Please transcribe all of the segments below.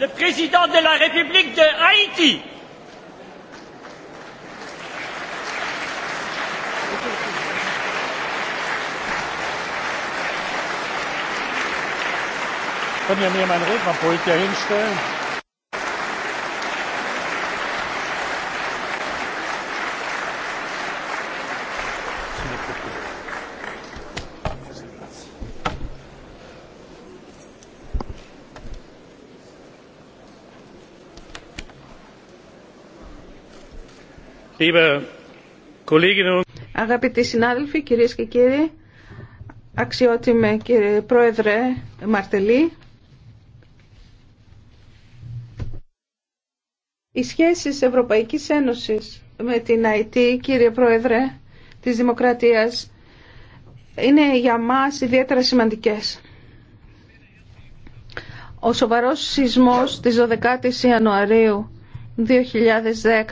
le président de la République de Haïti. Können wir mir meinen Rednerpult hinstellen? Αγαπητοί συνάδελφοι, κυρίες και κύριοι, αξιότιμε κύριε Πρόεδρε Μαρτελή, οι σχέσεις Ευρωπαϊκής Ένωσης με την ΑΕΤ, κύριε Πρόεδρε της Δημοκρατίας, είναι για μας ιδιαίτερα σημαντικές. Ο σοβαρός σεισμός της 12 η Ιανουαρίου 2010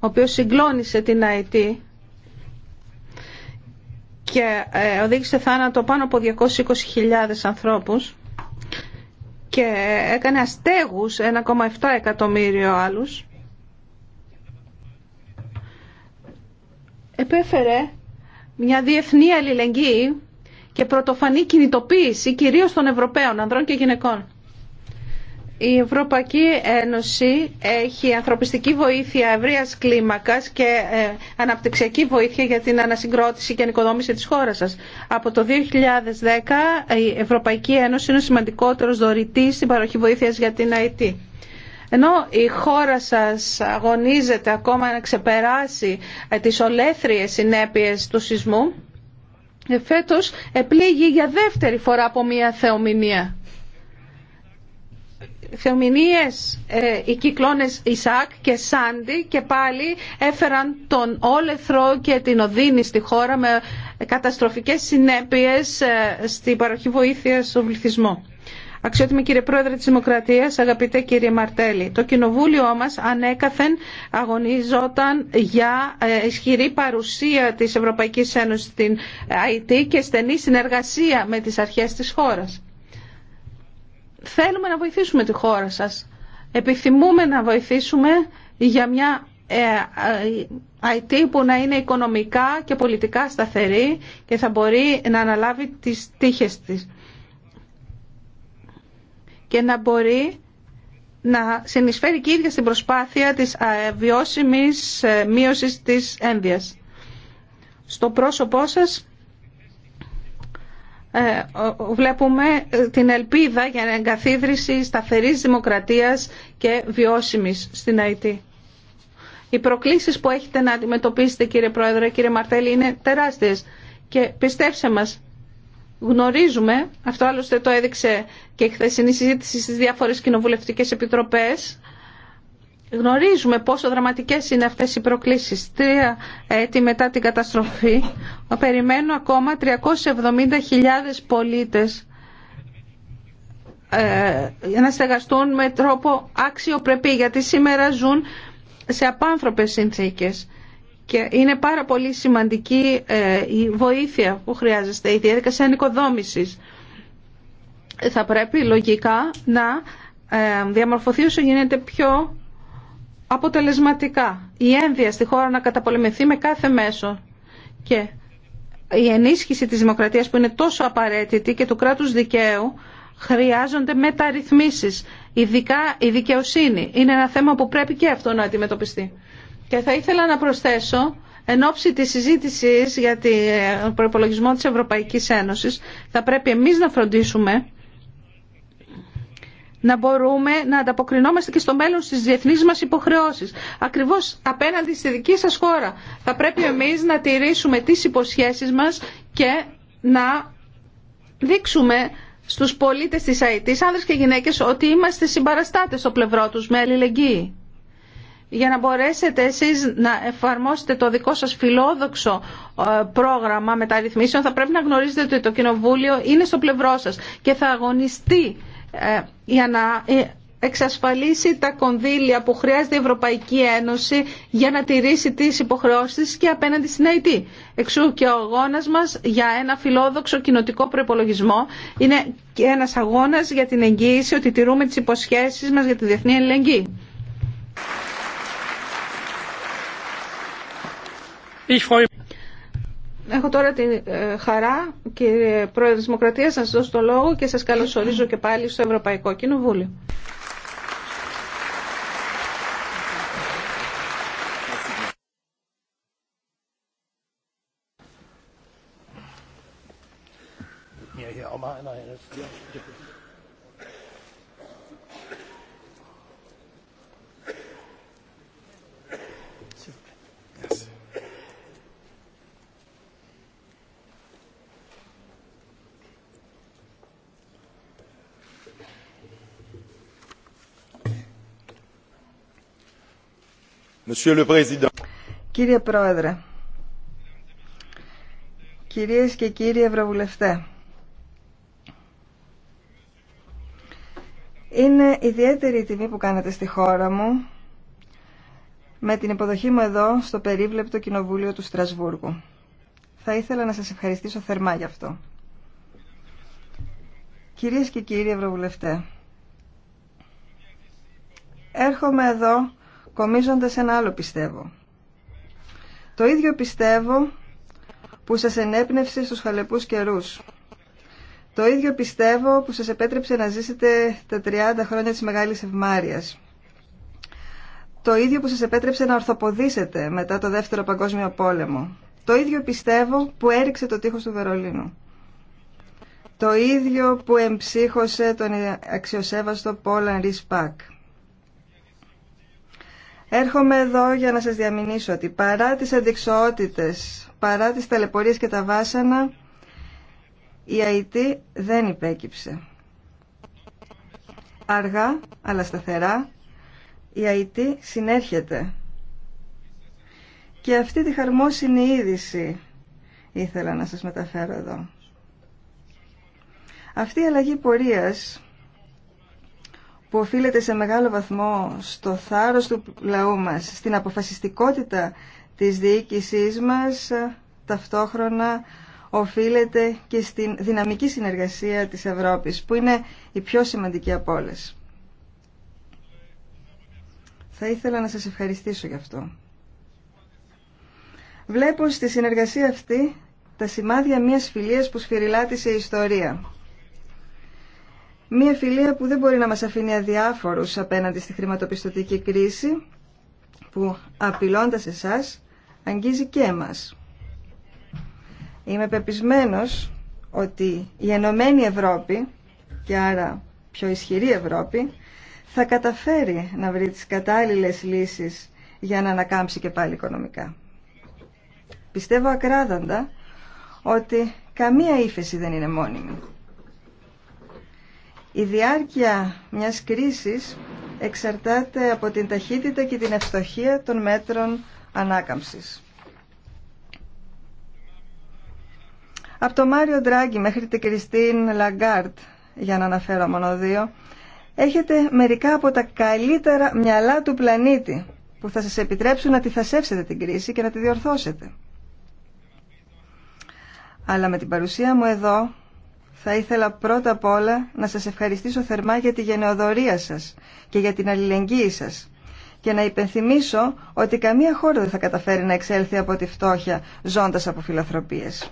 ο οποίος συγκλώνησε την ΑΕΤ και ε, οδήγησε θάνατο πάνω από 220.000 ανθρώπους και έκανε αστέγους 1,7 εκατομμύριο άλλους επέφερε μια διεθνή αλληλεγγύη και πρωτοφανή κινητοποίηση κυρίως των Ευρωπαίων ανδρών και γυναικών. Η Ευρωπαϊκή Ένωση έχει ανθρωπιστική βοήθεια ευρεία κλίμακα και ε, αναπτυξιακή βοήθεια για την ανασυγκρότηση και ανοικοδόμηση τη χώρα σα. Από το 2010 η Ευρωπαϊκή Ένωση είναι ο σημαντικότερο δωρητή στην παροχή βοήθεια για την ΑΕΤ. Ενώ η χώρα σας αγωνίζεται ακόμα να ξεπεράσει ε, τις ολέθριες συνέπειες του σεισμού, ε, φέτος επλήγει για δεύτερη φορά από μια θεομηνία θεομηνίες ε, οι κυκλώνες Ισακ και Σάντι και πάλι έφεραν τον όλεθρο και την οδύνη στη χώρα με καταστροφικές συνέπειες ε, στην παροχή βοήθεια στον πληθυσμό. Αξιότιμη κύριε Πρόεδρε της Δημοκρατίας, αγαπητέ κύριε Μαρτέλη, το κοινοβούλιο μας ανέκαθεν αγωνίζονταν για ε, ισχυρή παρουσία της Ευρωπαϊκής Ένωσης στην ΑΕΤ και στενή συνεργασία με τις αρχές της χώρας. Θέλουμε να βοηθήσουμε τη χώρα σας. Επιθυμούμε να βοηθήσουμε για μια IT ε, ε, ε, που να είναι οικονομικά και πολιτικά σταθερή και θα μπορεί να αναλάβει τις τύχες της και να μπορεί να συνεισφέρει και ίδια στην προσπάθεια της βιώσιμης μείωσης της ένδυας. Στο πρόσωπό σας ε, βλέπουμε ε, την ελπίδα για εγκαθίδρυση σταθερής δημοκρατίας και βιώσιμης στην ΑΕΤ. Οι προκλήσεις που έχετε να αντιμετωπίσετε κύριε Πρόεδρε, κύριε Μαρτέλη είναι τεράστιες και πιστέψτε μας γνωρίζουμε, αυτό άλλωστε το έδειξε και η χθεσινή συζήτηση στις διάφορες κοινοβουλευτικές επιτροπές Γνωρίζουμε πόσο δραματικές είναι αυτές οι προκλήσεις. Τρία έτη μετά την καταστροφή περιμένουν ακόμα 370.000 πολίτες ε, να στεγαστούν με τρόπο αξιοπρεπή γιατί σήμερα ζουν σε απάνθρωπες συνθήκες και είναι πάρα πολύ σημαντική ε, η βοήθεια που χρειάζεται η διαδικασία ανοικοδόμησης. θα πρέπει λογικά να ε, διαμορφωθεί όσο γίνεται πιο αποτελεσματικά η ένδυα στη χώρα να καταπολεμηθεί με κάθε μέσο και η ενίσχυση της δημοκρατίας που είναι τόσο απαραίτητη και του κράτους δικαίου χρειάζονται μεταρρυθμίσεις. Ειδικά η δικαιοσύνη είναι ένα θέμα που πρέπει και αυτό να αντιμετωπιστεί. Και θα ήθελα να προσθέσω εν ώψη της συζήτησης για τον ε, προπολογισμό της Ευρωπαϊκής Ένωσης θα πρέπει εμείς να φροντίσουμε να μπορούμε να ανταποκρινόμαστε και στο μέλλον στις διεθνείς μας υποχρεώσεις. Ακριβώς απέναντι στη δική σας χώρα. Θα πρέπει εμείς να τηρήσουμε τις υποσχέσεις μας και να δείξουμε στους πολίτες της ΑΕΤ, άνδρες και γυναίκες, ότι είμαστε συμπαραστάτες στο πλευρό τους με αλληλεγγύη. Για να μπορέσετε εσείς να εφαρμόσετε το δικό σας φιλόδοξο ε, πρόγραμμα μεταρρυθμίσεων, θα πρέπει να γνωρίζετε ότι το Κοινοβούλιο είναι στο πλευρό σας και θα αγωνιστεί ε, για να ε, εξασφαλίσει τα κονδύλια που χρειάζεται η Ευρωπαϊκή Ένωση για να τηρήσει τις υποχρεώσεις και απέναντι στην ΑΕΤ. Εξού και ο αγώνας μας για ένα φιλόδοξο κοινοτικό προπολογισμό είναι και ένας αγώνας για την εγγύηση ότι τηρούμε τις υποσχέσεις μας για τη διεθνή ελληνική. Έχω τώρα τη ε, χαρά, κύριε Πρόεδρε τη Δημοκρατία, να σας δώσω το λόγο και σας καλωσορίζω και πάλι στο Ευρωπαϊκό Κοινοβούλιο. Κύριε Πρόεδρε, κυρίες και κύριοι Ευρωβουλευτέ, είναι ιδιαίτερη η τιμή που κάνετε στη χώρα μου με την υποδοχή μου εδώ στο περίβλεπτο Κοινοβούλιο του Στρασβούργου. Θα ήθελα να σας ευχαριστήσω θερμά γι' αυτό. Κυρίες και κύριοι Ευρωβουλευτέ, έρχομαι εδώ κομίζοντας ένα άλλο πιστεύω. Το ίδιο πιστεύω που σας ενέπνευσε στους χαλεπούς καιρούς. Το ίδιο πιστεύω που σας επέτρεψε να ζήσετε τα 30 χρόνια της Μεγάλης Ευμάριας. Το ίδιο που σας επέτρεψε να ορθοποδήσετε μετά το Δεύτερο Παγκόσμιο Πόλεμο. Το ίδιο πιστεύω που έριξε το τείχος του Βερολίνου. Το ίδιο που εμψύχωσε τον αξιοσέβαστο Πόλαν Ρισπακ. Έρχομαι εδώ για να σας διαμηνήσω ότι παρά τις αντικσοότητες, παρά τις ταλαιπωρίες και τα βάσανα, η ΑΕΤ δεν υπέκυψε. Αργά, αλλά σταθερά, η ΑΕΤ συνέρχεται. Και αυτή τη χαρμόσυνη είδηση ήθελα να σας μεταφέρω εδώ. Αυτή η αλλαγή πορείας που οφείλεται σε μεγάλο βαθμό στο θάρρος του λαού μας, στην αποφασιστικότητα της διοίκησής μας, ταυτόχρονα οφείλεται και στην δυναμική συνεργασία της Ευρώπης, που είναι η πιο σημαντική από όλες. Θα ήθελα να σας ευχαριστήσω γι' αυτό. Βλέπω στη συνεργασία αυτή τα σημάδια μιας φιλίας που σφυριλάτησε η ιστορία Μία φιλία που δεν μπορεί να μας αφήνει αδιάφορους απέναντι στη χρηματοπιστωτική κρίση που απειλώντας εσάς αγγίζει και εμάς. Είμαι πεπισμένος ότι η Ενωμένη Ευρώπη και άρα πιο ισχυρή Ευρώπη θα καταφέρει να βρει τις κατάλληλες λύσεις για να ανακάμψει και πάλι οικονομικά. Πιστεύω ακράδαντα ότι καμία ύφεση δεν είναι μόνιμη. Η διάρκεια μιας κρίσης εξαρτάται από την ταχύτητα και την ευστοχία των μέτρων ανάκαμψης. Από το Μάριο Ντράγκη μέχρι την Κριστίν Λαγκάρτ, για να αναφέρω μόνο δύο, έχετε μερικά από τα καλύτερα μυαλά του πλανήτη που θα σας επιτρέψουν να τη θασεύσετε την κρίση και να τη διορθώσετε. Αλλά με την παρουσία μου εδώ θα ήθελα πρώτα απ' όλα να σας ευχαριστήσω θερμά για τη γενεοδορία σας και για την αλληλεγγύη σας και να υπενθυμίσω ότι καμία χώρα δεν θα καταφέρει να εξέλθει από τη φτώχεια ζώντας από φιλανθρωπίες.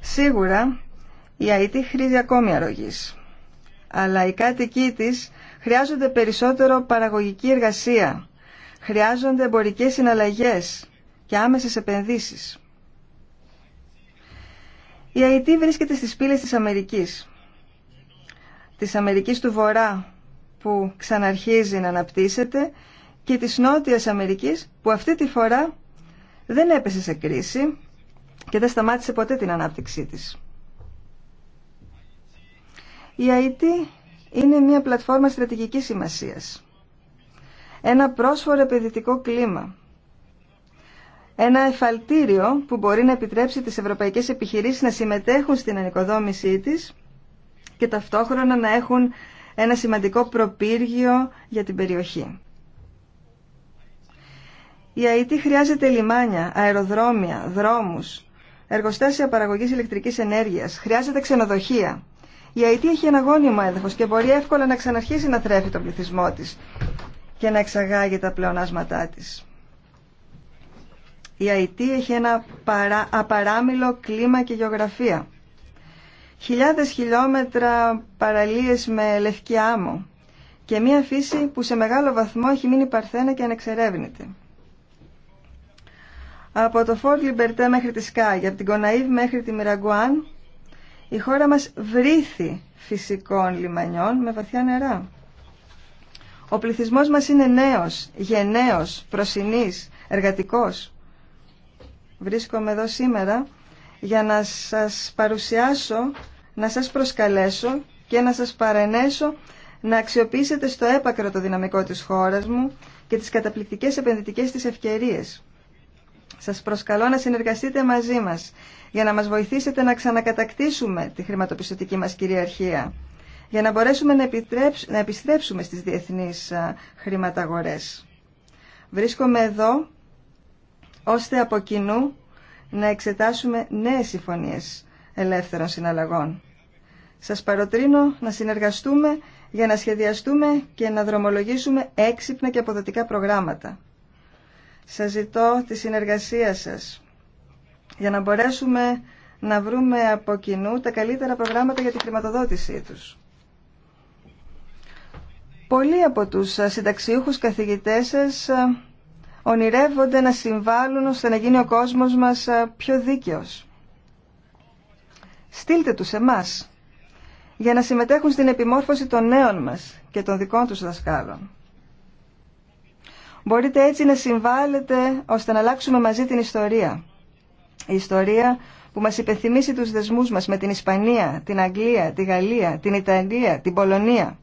Σίγουρα η ΑΕΤ χρήζει ακόμη αρρωγής, αλλά οι κάτοικοί της Χρειάζονται περισσότερο παραγωγική εργασία. Χρειάζονται εμπορικές συναλλαγές και άμεσες επενδύσεις. Η ΑΕΤ βρίσκεται στις πύλες της Αμερικής. Της Αμερικής του Βορρά που ξαναρχίζει να αναπτύσσεται και της Νότιας Αμερικής που αυτή τη φορά δεν έπεσε σε κρίση και δεν σταμάτησε ποτέ την ανάπτυξή της. Η ΑΕΤ είναι μια πλατφόρμα στρατηγικής σημασίας. Ένα πρόσφορο επενδυτικό κλίμα. Ένα εφαλτήριο που μπορεί να επιτρέψει τις ευρωπαϊκές επιχειρήσεις να συμμετέχουν στην ανοικοδόμησή της και ταυτόχρονα να έχουν ένα σημαντικό προπύργιο για την περιοχή. Η ΑΕΤ χρειάζεται λιμάνια, αεροδρόμια, δρόμους, εργοστάσια παραγωγής ηλεκτρικής ενέργειας, χρειάζεται ξενοδοχεία. Η Αιτή έχει ένα γόνιμο έδαφο και μπορεί εύκολα να ξαναρχίσει να θρέφει τον πληθυσμό τη και να εξαγάγει τα πλεονάσματά τη. Η Αιτή έχει ένα παρά, απαράμιλο κλίμα και γεωγραφία. Χιλιάδες χιλιόμετρα παραλίες με λευκή άμμο και μια φύση που σε μεγάλο βαθμό έχει μείνει παρθένα και ανεξερεύνητη. Από το Φόρτ Λιμπερτέ μέχρι τη Σκάγια, από την Κοναΐβ μέχρι τη Μυραγκουάν, η χώρα μας βρήθη φυσικών λιμανιών με βαθιά νερά. Ο πληθυσμός μας είναι νέος, γενναίος, προσινής, εργατικός. Βρίσκομαι εδώ σήμερα για να σας παρουσιάσω, να σας προσκαλέσω και να σας παρενέσω να αξιοποιήσετε στο έπακρο το δυναμικό της χώρας μου και τις καταπληκτικές επενδυτικές της ευκαιρίες. Σας προσκαλώ να συνεργαστείτε μαζί μας για να μας βοηθήσετε να ξανακατακτήσουμε τη χρηματοπιστωτική μας κυριαρχία για να μπορέσουμε να, να επιστρέψουμε στις διεθνείς χρηματαγορές. Βρίσκομαι εδώ ώστε από κοινού να εξετάσουμε νέες συμφωνίες ελεύθερων συναλλαγών. Σας παροτρύνω να συνεργαστούμε για να σχεδιαστούμε και να δρομολογήσουμε έξυπνα και αποδοτικά προγράμματα. Σας ζητώ τη συνεργασία σας για να μπορέσουμε να βρούμε από κοινού τα καλύτερα προγράμματα για τη χρηματοδότησή τους. Πολλοί από τους συνταξιούχους καθηγητές σας ονειρεύονται να συμβάλλουν ώστε να γίνει ο κόσμος μας πιο δίκαιος. Στείλτε τους εμάς για να συμμετέχουν στην επιμόρφωση των νέων μας και των δικών τους δασκάλων. Μπορείτε έτσι να συμβάλλετε ώστε να αλλάξουμε μαζί την ιστορία. Η ιστορία που μας υπενθυμίσει τους δεσμούς μας με την Ισπανία, την Αγγλία, τη Γαλλία, την Ιταλία, την Πολωνία.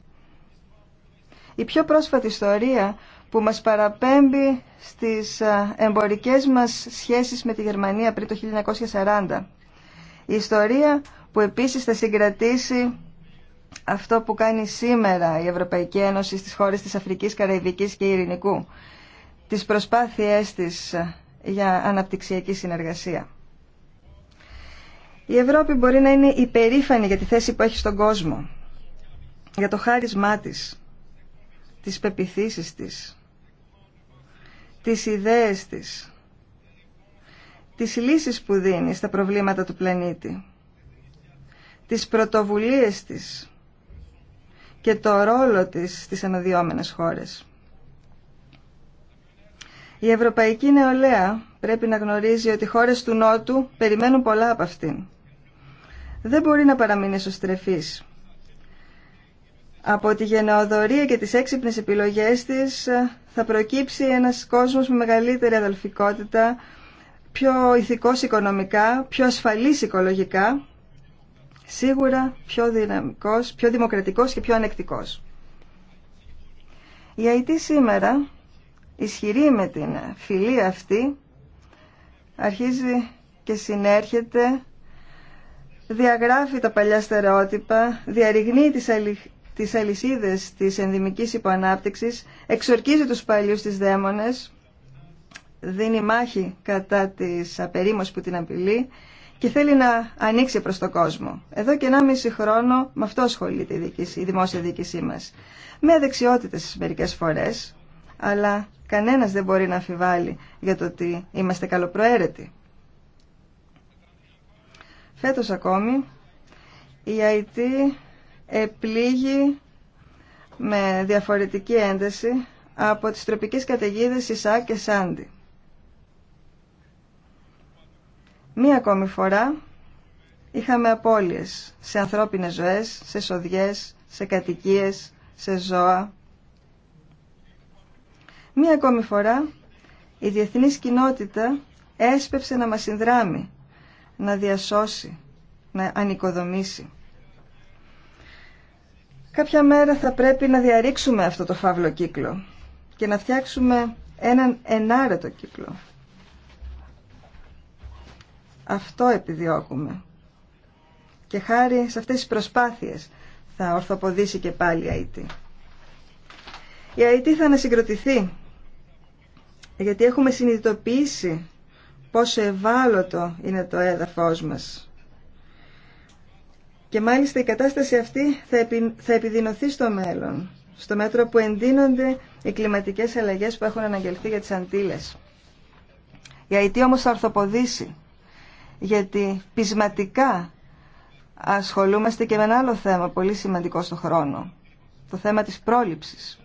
Η πιο πρόσφατη ιστορία που μας παραπέμπει στις εμπορικές μας σχέσεις με τη Γερμανία πριν το 1940. Η ιστορία που επίσης θα συγκρατήσει αυτό που κάνει σήμερα η Ευρωπαϊκή Ένωση στις χώρες της Αφρικής, Καραϊβικής και Ειρηνικού, τις προσπάθειές της για αναπτυξιακή συνεργασία. Η Ευρώπη μπορεί να είναι υπερήφανη για τη θέση που έχει στον κόσμο, για το χάρισμά της, τις πεπιθήσεις της, τις ιδέες της, τις λύσεις που δίνει στα προβλήματα του πλανήτη, τις πρωτοβουλίες της, και το ρόλο της στις αναδυόμενες χώρες. Η ευρωπαϊκή νεολαία πρέπει να γνωρίζει ότι οι χώρες του Νότου περιμένουν πολλά από αυτήν. Δεν μπορεί να παραμείνει εσωστρεφής. Από τη γενναιοδορία και τις έξυπνες επιλογές της ε, θα προκύψει ένας κόσμος με μεγαλύτερη αδελφικότητα, πιο ηθικός οικονομικά, πιο ασφαλής οικολογικά σίγουρα πιο δυναμικός, πιο δημοκρατικός και πιο ανεκτικός. Η ΑΕΤ σήμερα, ισχυρή με την φιλή αυτή, αρχίζει και συνέρχεται, διαγράφει τα παλιά στερεότυπα, διαρριγνύει τις, αλη... τις αλυσίδες της ενδημικής υποανάπτυξης, εξορκίζει τους παλιούς τις δαίμονες, δίνει μάχη κατά της απερίμωσης που την απειλεί και θέλει να ανοίξει προς τον κόσμο. Εδώ και ένα μισή χρόνο με αυτό ασχολείται η, η δημόσια διοίκησή μας. Με αδεξιότητες μερικές φορές, αλλά κανένας δεν μπορεί να αφιβάλλει για το ότι είμαστε καλοπροαίρετοι. Φέτος ακόμη, η IT επλήγει με διαφορετική ένταση από τις τροπικές καταιγίδες Ισάκ και Σάντι. Μία ακόμη φορά είχαμε απώλειες σε ανθρώπινες ζωές, σε σοδιές, σε κατοικίες, σε ζώα. Μία ακόμη φορά η διεθνής κοινότητα έσπεψε να μας συνδράμει, να διασώσει, να ανοικοδομήσει. Κάποια μέρα θα πρέπει να διαρρήξουμε αυτό το φαύλο κύκλο και να φτιάξουμε έναν ενάρετο κύκλο αυτό επιδιώκουμε. Και χάρη σε αυτές τις προσπάθειες θα ορθοποδήσει και πάλι η ΑΕΤ. Η ΑΕΤ θα ανασυγκροτηθεί γιατί έχουμε συνειδητοποιήσει πόσο ευάλωτο είναι το έδαφος μας. Και μάλιστα η κατάσταση αυτή θα, επιδεινωθεί στο μέλλον, στο μέτρο που εντείνονται οι κλιματικές αλλαγές που έχουν αναγγελθεί για τις αντίλες. Η ΑΕΤ όμως θα ορθοποδήσει γιατί πεισματικά ασχολούμαστε και με ένα άλλο θέμα πολύ σημαντικό στον χρόνο, το θέμα της πρόληψης.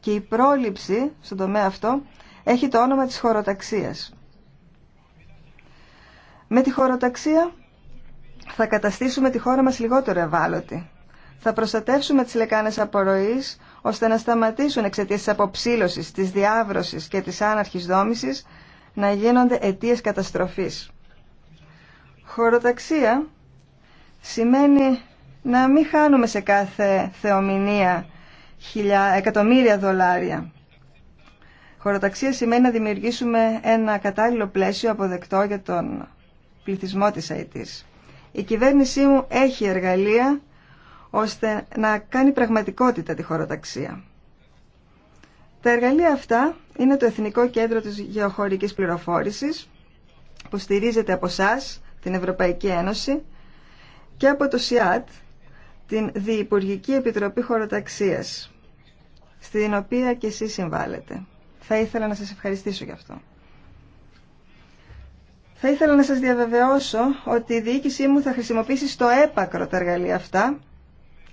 Και η πρόληψη στον τομέα αυτό έχει το όνομα της χωροταξίας. Με τη χωροταξία θα καταστήσουμε τη χώρα μας λιγότερο ευάλωτη. Θα προστατεύσουμε τις λεκάνες απορροής ώστε να σταματήσουν εξαιτία τη αποψήλωσης, της διάβρωσης και της άναρχης δόμησης να γίνονται αιτίες καταστροφής. Χωροταξία σημαίνει να μην χάνουμε σε κάθε θεομηνία χιλιά, εκατομμύρια δολάρια. Χωροταξία σημαίνει να δημιουργήσουμε ένα κατάλληλο πλαίσιο αποδεκτό για τον πληθυσμό της αιτής. Η κυβέρνησή μου έχει εργαλεία ώστε να κάνει πραγματικότητα τη χωροταξία. Τα εργαλεία αυτά είναι το Εθνικό Κέντρο της Γεωχωρικής Πληροφόρησης που στηρίζεται από εσά, την Ευρωπαϊκή Ένωση και από το ΣΙΑΤ, την Διυπουργική Επιτροπή Χωροταξίας, στην οποία και εσείς συμβάλλετε. Θα ήθελα να σας ευχαριστήσω γι' αυτό. Θα ήθελα να σας διαβεβαιώσω ότι η διοίκησή μου θα χρησιμοποιήσει στο έπακρο τα εργαλεία αυτά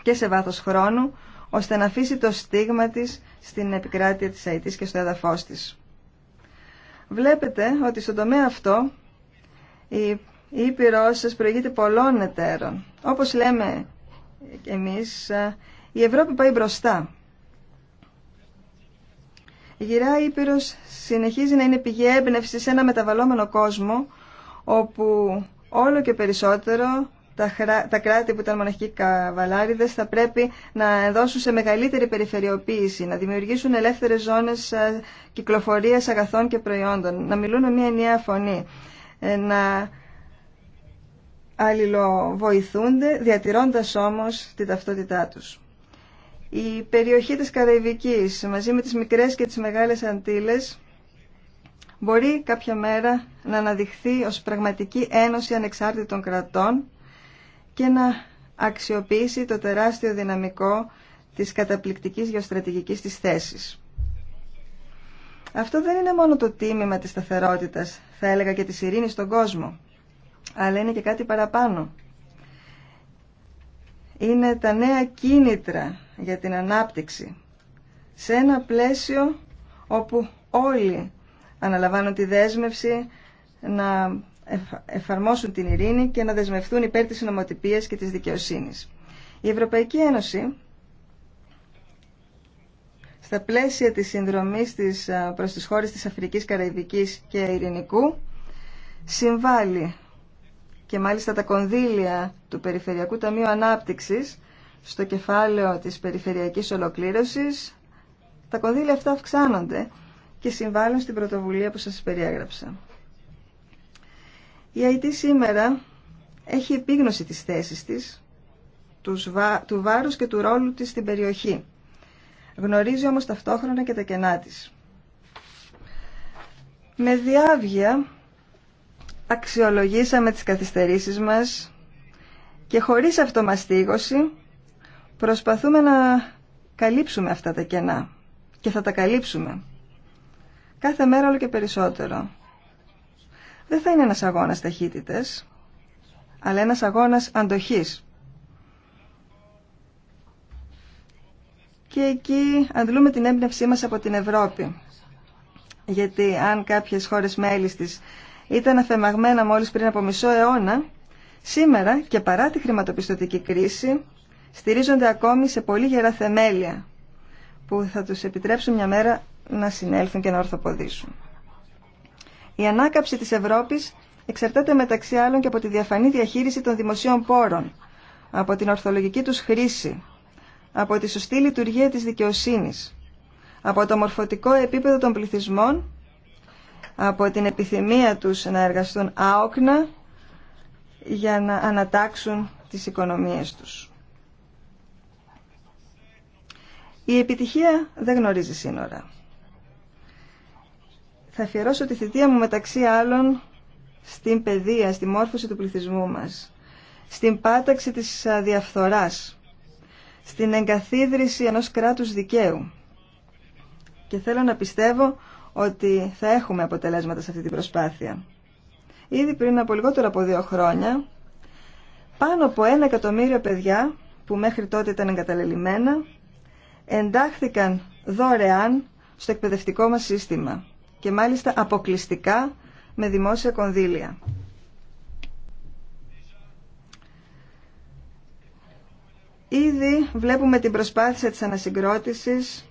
και σε βάθος χρόνου, ώστε να αφήσει το στίγμα της στην επικράτεια της ΑΕΤ και στο έδαφος της. Βλέπετε ότι στον τομέα αυτό η η Ήπειρό σα προηγείται πολλών εταίρων. Όπως λέμε εμεί ε, η Ευρώπη πάει μπροστά. Η γυρά ήπειρο συνεχίζει να είναι πηγή έμπνευση σε ένα μεταβαλλόμενο κόσμο, όπου όλο και περισσότερο τα κράτη που ήταν μοναχικοί καβαλάριδες θα πρέπει να δώσουν σε μεγαλύτερη περιφερειοποίηση, να δημιουργήσουν ελεύθερε ζώνε κυκλοφορία αγαθών και προϊόντων, να μιλούν με μια ενιαία φωνή, ε, να αλληλοβοηθούνται, διατηρώντας όμως την ταυτότητά τους. Η περιοχή της Καραϊβικής μαζί με τις μικρές και τις μεγάλες αντίλες μπορεί κάποια μέρα να αναδειχθεί ως πραγματική ένωση ανεξάρτητων κρατών και να αξιοποιήσει το τεράστιο δυναμικό της καταπληκτικής γεωστρατηγικής της θέσης. Αυτό δεν είναι μόνο το τίμημα της σταθερότητας, θα έλεγα και της ειρήνης στον κόσμο αλλά είναι και κάτι παραπάνω. Είναι τα νέα κίνητρα για την ανάπτυξη σε ένα πλαίσιο όπου όλοι αναλαμβάνουν τη δέσμευση να εφαρμόσουν την ειρήνη και να δεσμευτούν υπέρ της νομοτυπίας και της δικαιοσύνης. Η Ευρωπαϊκή Ένωση στα πλαίσια της συνδρομής της προς τις χώρες της Αφρικής, Καραϊβικής και Ειρηνικού συμβάλλει και μάλιστα τα κονδύλια του Περιφερειακού Ταμείου Ανάπτυξης στο κεφάλαιο της περιφερειακής ολοκλήρωσης, τα κονδύλια αυτά αυξάνονται και συμβάλλουν στην πρωτοβουλία που σας περιέγραψα. Η ΑΕΤ σήμερα έχει επίγνωση της θέσης της, του βάρους και του ρόλου της στην περιοχή. Γνωρίζει όμως ταυτόχρονα και τα κενά της. Με διάβγεια αξιολογήσαμε τις καθυστερήσεις μας και χωρίς αυτομαστίγωση προσπαθούμε να καλύψουμε αυτά τα κενά και θα τα καλύψουμε. Κάθε μέρα όλο και περισσότερο. Δεν θα είναι ένας αγώνας ταχύτητες, αλλά ένας αγώνας αντοχής. Και εκεί αντλούμε την έμπνευσή μας από την Ευρώπη. Γιατί αν κάποιες χώρες μέλης της ήταν αθεμαγμένα μόλις πριν από μισό αιώνα, σήμερα και παρά τη χρηματοπιστωτική κρίση στηρίζονται ακόμη σε πολύ γερά θεμέλια που θα τους επιτρέψουν μια μέρα να συνέλθουν και να ορθοποδήσουν. Η ανάκαψη της Ευρώπης εξαρτάται μεταξύ άλλων και από τη διαφανή διαχείριση των δημοσίων πόρων, από την ορθολογική τους χρήση, από τη σωστή λειτουργία της δικαιοσύνης, από το μορφωτικό επίπεδο των πληθυσμών από την επιθυμία τους να εργαστούν άοκνα για να ανατάξουν τις οικονομίες τους. Η επιτυχία δεν γνωρίζει σύνορα. Θα αφιερώσω τη θητεία μου μεταξύ άλλων στην παιδεία, στη μόρφωση του πληθυσμού μας, στην πάταξη της διαφθοράς, στην εγκαθίδρυση ενός κράτους δικαίου. Και θέλω να πιστεύω ότι θα έχουμε αποτελέσματα σε αυτή την προσπάθεια. Ήδη πριν από λιγότερο από δύο χρόνια, πάνω από ένα εκατομμύριο παιδιά που μέχρι τότε ήταν εγκαταλελειμμένα, εντάχθηκαν δωρεάν στο εκπαιδευτικό μας σύστημα και μάλιστα αποκλειστικά με δημόσια κονδύλια. Ήδη βλέπουμε την προσπάθεια της ανασυγκρότησης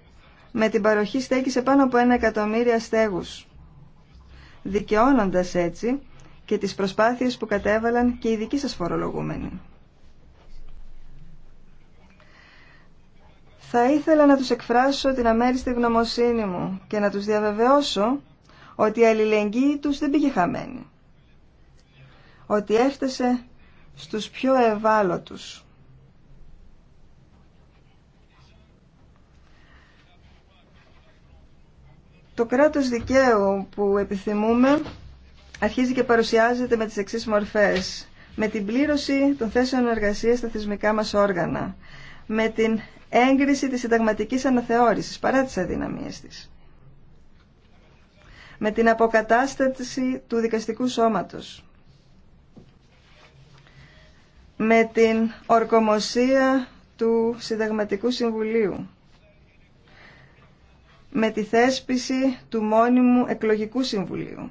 με την παροχή στέγη σε πάνω από ένα εκατομμύριο στέγους, δικαιώνοντας έτσι και τις προσπάθειες που κατέβαλαν και οι δικοί σας φορολογούμενοι. Θα ήθελα να τους εκφράσω την αμέριστη γνωμοσύνη μου και να τους διαβεβαιώσω ότι η αλληλεγγύη τους δεν πήγε χαμένη. Ότι έφτασε στους πιο ευάλωτους Το κράτος δικαίου που επιθυμούμε αρχίζει και παρουσιάζεται με τις εξής μορφές. Με την πλήρωση των θέσεων εργασίας στα θεσμικά μας όργανα. Με την έγκριση της συνταγματικής αναθεώρησης παρά τις αδυναμίες της. Με την αποκατάσταση του δικαστικού σώματος. Με την ορκομοσία του Συνταγματικού Συμβουλίου με τη θέσπιση του μόνιμου εκλογικού συμβουλίου.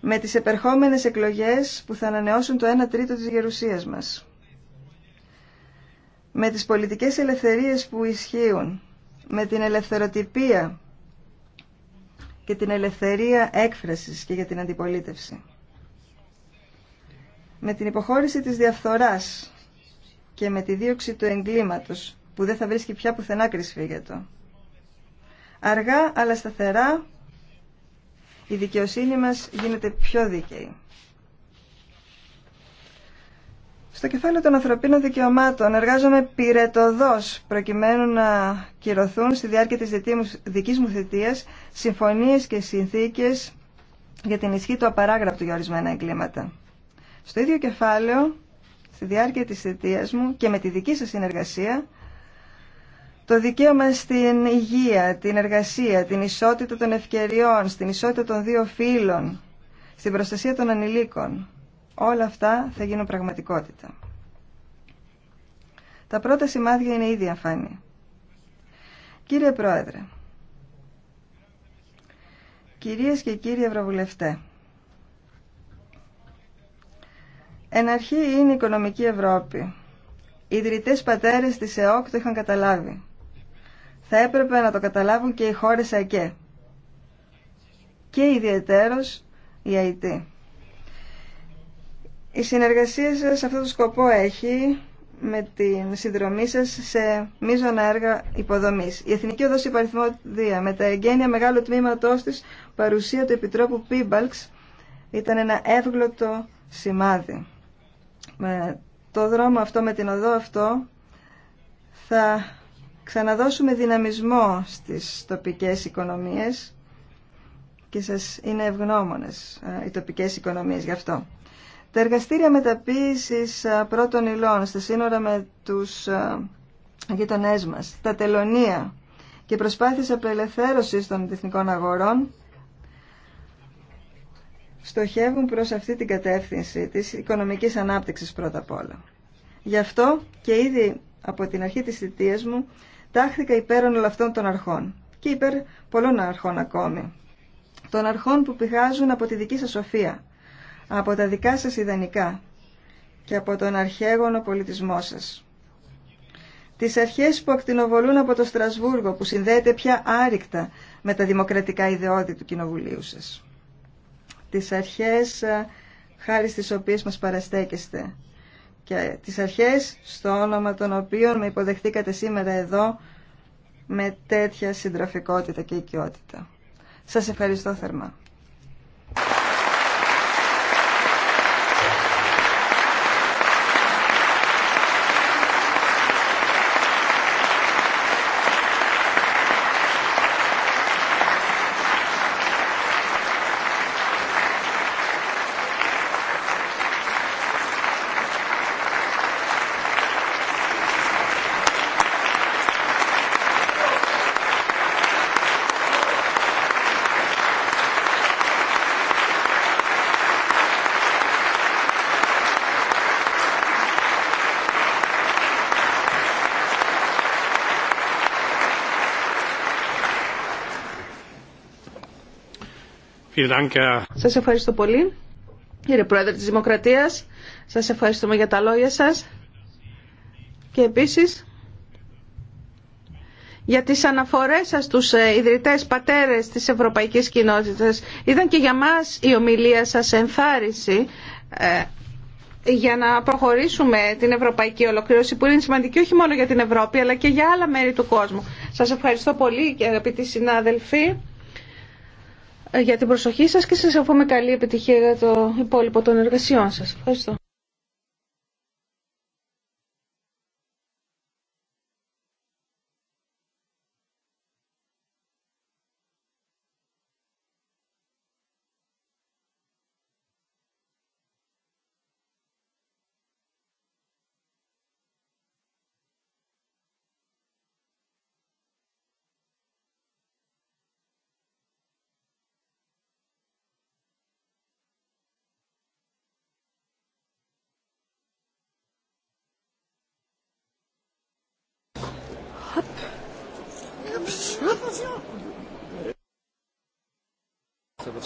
Με τις επερχόμενες εκλογές που θα ανανεώσουν το 1 τρίτο της γερουσίας μας. Με τις πολιτικές ελευθερίες που ισχύουν. Με την ελευθεροτυπία και την ελευθερία έκφρασης και για την αντιπολίτευση. Με την υποχώρηση της διαφθοράς και με τη δίωξη του εγκλήματος που δεν θα βρίσκει πια πουθενά κρυσφύγετο. Αργά αλλά σταθερά η δικαιοσύνη μας γίνεται πιο δίκαιη. Στο κεφάλαιο των ανθρωπίνων δικαιωμάτων εργάζομαι πυρετοδός προκειμένου να κυρωθούν στη διάρκεια της δικής μου θητείας συμφωνίες και συνθήκες για την ισχύ του απαράγραπτου για ορισμένα εγκλήματα. Στο ίδιο κεφάλαιο, στη διάρκεια της θητείας μου και με τη δική σας συνεργασία, το δικαίωμα στην υγεία, την εργασία, την ισότητα των ευκαιριών, στην ισότητα των δύο φύλων, στην προστασία των ανηλίκων. Όλα αυτά θα γίνουν πραγματικότητα. Τα πρώτα σημάδια είναι ήδη αφάνη. Κύριε Πρόεδρε, κυρίες και κύριοι Ευρωβουλευτέ, εν αρχή είναι η οικονομική Ευρώπη. Οι ιδρυτές πατέρες της ΕΟΚ το είχαν καταλάβει θα έπρεπε να το καταλάβουν και οι χώρες ΑΚΕ και ιδιαίτερος η ΑΙΤ. Η συνεργασία σας αυτό το σκοπό έχει με την συνδρομή σας σε μείζωνα έργα υποδομής. Η Εθνική Οδός Υπαριθμόδια 2 με τα εγγένεια μεγάλου τμήματός της παρουσία του Επιτρόπου Πίμπαλξ ήταν ένα εύγλωτο σημάδι. Με το δρόμο αυτό, με την οδό αυτό θα ξαναδώσουμε δυναμισμό στις τοπικές οικονομίες και σας είναι ευγνώμονες ε, οι τοπικές οικονομίες γι' αυτό. Τα εργαστήρια μεταποίησης ε, πρώτων υλών στα σύνορα με τους ε, γειτονές μας, τα τελωνία και προσπάθειες απελευθέρωσης των εθνικών αγορών στοχεύουν προς αυτή την κατεύθυνση της οικονομικής ανάπτυξης πρώτα απ' όλα. Γι' αυτό και ήδη από την αρχή της θητείας μου τάχθηκα υπέρ όλων αυτών των αρχών και υπέρ πολλών αρχών ακόμη. Των αρχών που πηγάζουν από τη δική σας σοφία, από τα δικά σας ιδανικά και από τον αρχαίγωνο πολιτισμό σας. Τις αρχές που ακτινοβολούν από το Στρασβούργο που συνδέεται πια άρρηκτα με τα δημοκρατικά ιδεώδη του κοινοβουλίου σας. Τις αρχές ε, χάρη στις οποίες μας παραστέκεστε και τις αρχές στο όνομα των οποίων με υποδεχτήκατε σήμερα εδώ με τέτοια συντροφικότητα και οικειότητα. Σας ευχαριστώ θερμά. Σας ευχαριστώ πολύ, κύριε Πρόεδρε της Δημοκρατίας. Σας ευχαριστούμε για τα λόγια σας. Και επίσης, για τις αναφορές σας στους ε, ιδρυτές πατέρες της Ευρωπαϊκής Κοινότητας. Ήταν και για μας η ομιλία σας ενθάρρυνση ε, για να προχωρήσουμε την ευρωπαϊκή ολοκλήρωση που είναι σημαντική όχι μόνο για την Ευρώπη αλλά και για άλλα μέρη του κόσμου. Σας ευχαριστώ πολύ και αγαπητοί συνάδελφοι για την προσοχή σας και σας ευχόμαι καλή επιτυχία για το υπόλοιπο των εργασιών σας. Ευχαριστώ.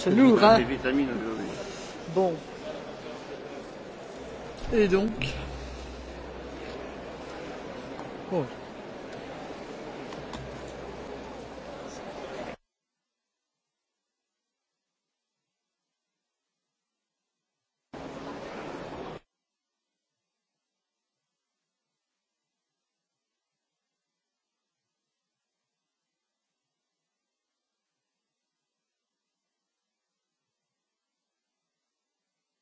se nourra. Des vitamines aujourd'hui. Bon. Et donc. Bon. Oh.